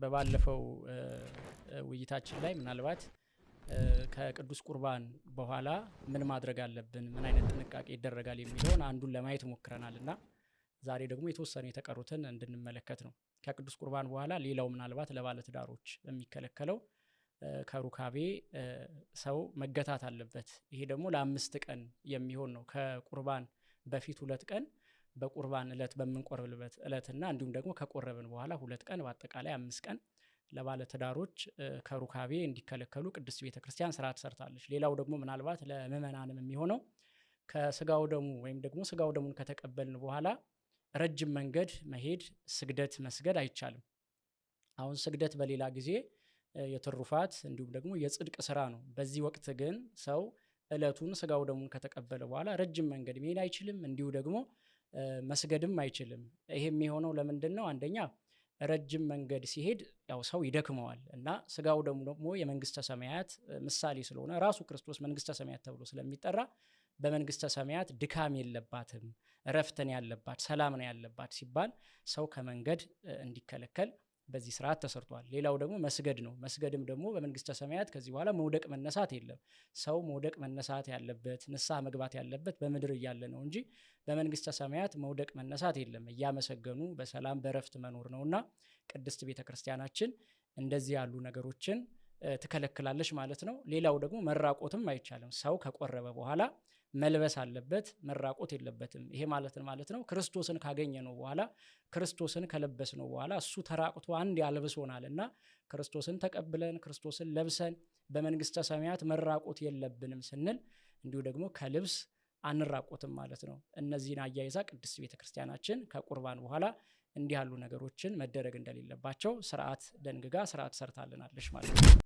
በባለፈው ውይይታችን ላይ ምናልባት ከቅዱስ ቁርባን በኋላ ምን ማድረግ አለብን፣ ምን አይነት ጥንቃቄ ይደረጋል የሚለውን አንዱን ለማየት ሞክረናል እና ዛሬ ደግሞ የተወሰኑ የተቀሩትን እንድንመለከት ነው። ከቅዱስ ቁርባን በኋላ ሌላው ምናልባት ለባለትዳሮች የሚከለከለው ከሩካቤ ሰው መገታት አለበት። ይሄ ደግሞ ለአምስት ቀን የሚሆን ነው። ከቁርባን በፊት ሁለት ቀን በቁርባን እለት በምንቆርብበት እለትና እንዲሁም ደግሞ ከቆረብን በኋላ ሁለት ቀን በአጠቃላይ አምስት ቀን ለባለትዳሮች ከሩካቤ እንዲከለከሉ ቅድስት ቤተ ክርስቲያን ስርዓት ሰርታለች። ሌላው ደግሞ ምናልባት ለምዕመናንም የሚሆነው ከስጋው ደሙ ወይም ደግሞ ስጋው ደሙን ከተቀበልን በኋላ ረጅም መንገድ መሄድ ስግደት መስገድ አይቻልም። አሁን ስግደት በሌላ ጊዜ የትሩፋት እንዲሁም ደግሞ የጽድቅ ስራ ነው። በዚህ ወቅት ግን ሰው እለቱን ስጋው ደሙን ከተቀበለ በኋላ ረጅም መንገድ መሄድ አይችልም። እንዲሁ ደግሞ መስገድም አይችልም። ይሄ የሚሆነው ለምንድን ነው? አንደኛ ረጅም መንገድ ሲሄድ ያው ሰው ይደክመዋል እና ስጋው ደግሞ የመንግስተ ሰማያት ምሳሌ ስለሆነ ራሱ ክርስቶስ መንግስተ ሰማያት ተብሎ ስለሚጠራ በመንግስተ ሰማያት ድካም የለባትም፣ እረፍትን ያለባት ሰላምን ያለባት ሲባል ሰው ከመንገድ እንዲከለከል በዚህ ስርዓት ተሰርቷል። ሌላው ደግሞ መስገድ ነው። መስገድም ደግሞ በመንግስተ ሰማያት ከዚህ በኋላ መውደቅ መነሳት የለም። ሰው መውደቅ መነሳት ያለበት ንሳ መግባት ያለበት በምድር እያለ ነው እንጂ በመንግስተ ሰማያት መውደቅ መነሳት የለም። እያመሰገኑ በሰላም በረፍት መኖር ነውና ቅድስት ቤተ ክርስቲያናችን እንደዚህ ያሉ ነገሮችን ትከለክላለች ማለት ነው። ሌላው ደግሞ መራቆትም አይቻልም። ሰው ከቆረበ በኋላ መልበስ አለበት፣ መራቆት የለበትም። ይሄ ማለት ማለት ነው ክርስቶስን ካገኘ ነው በኋላ ክርስቶስን ከለበስ ነው በኋላ እሱ ተራቅቶ አንድ ያልብሶናል እና ክርስቶስን ተቀብለን ክርስቶስን ለብሰን በመንግስተ ሰማያት መራቆት የለብንም ስንል እንዲሁ ደግሞ ከልብስ አንራቆትም ማለት ነው። እነዚህን አያይዛ ቅድስት ቤተ ክርስቲያናችን ከቁርባን በኋላ እንዲህ ያሉ ነገሮችን መደረግ እንደሌለባቸው ስርዓት ደንግጋ ስርዓት ሰርታልናለች ማለት ነው።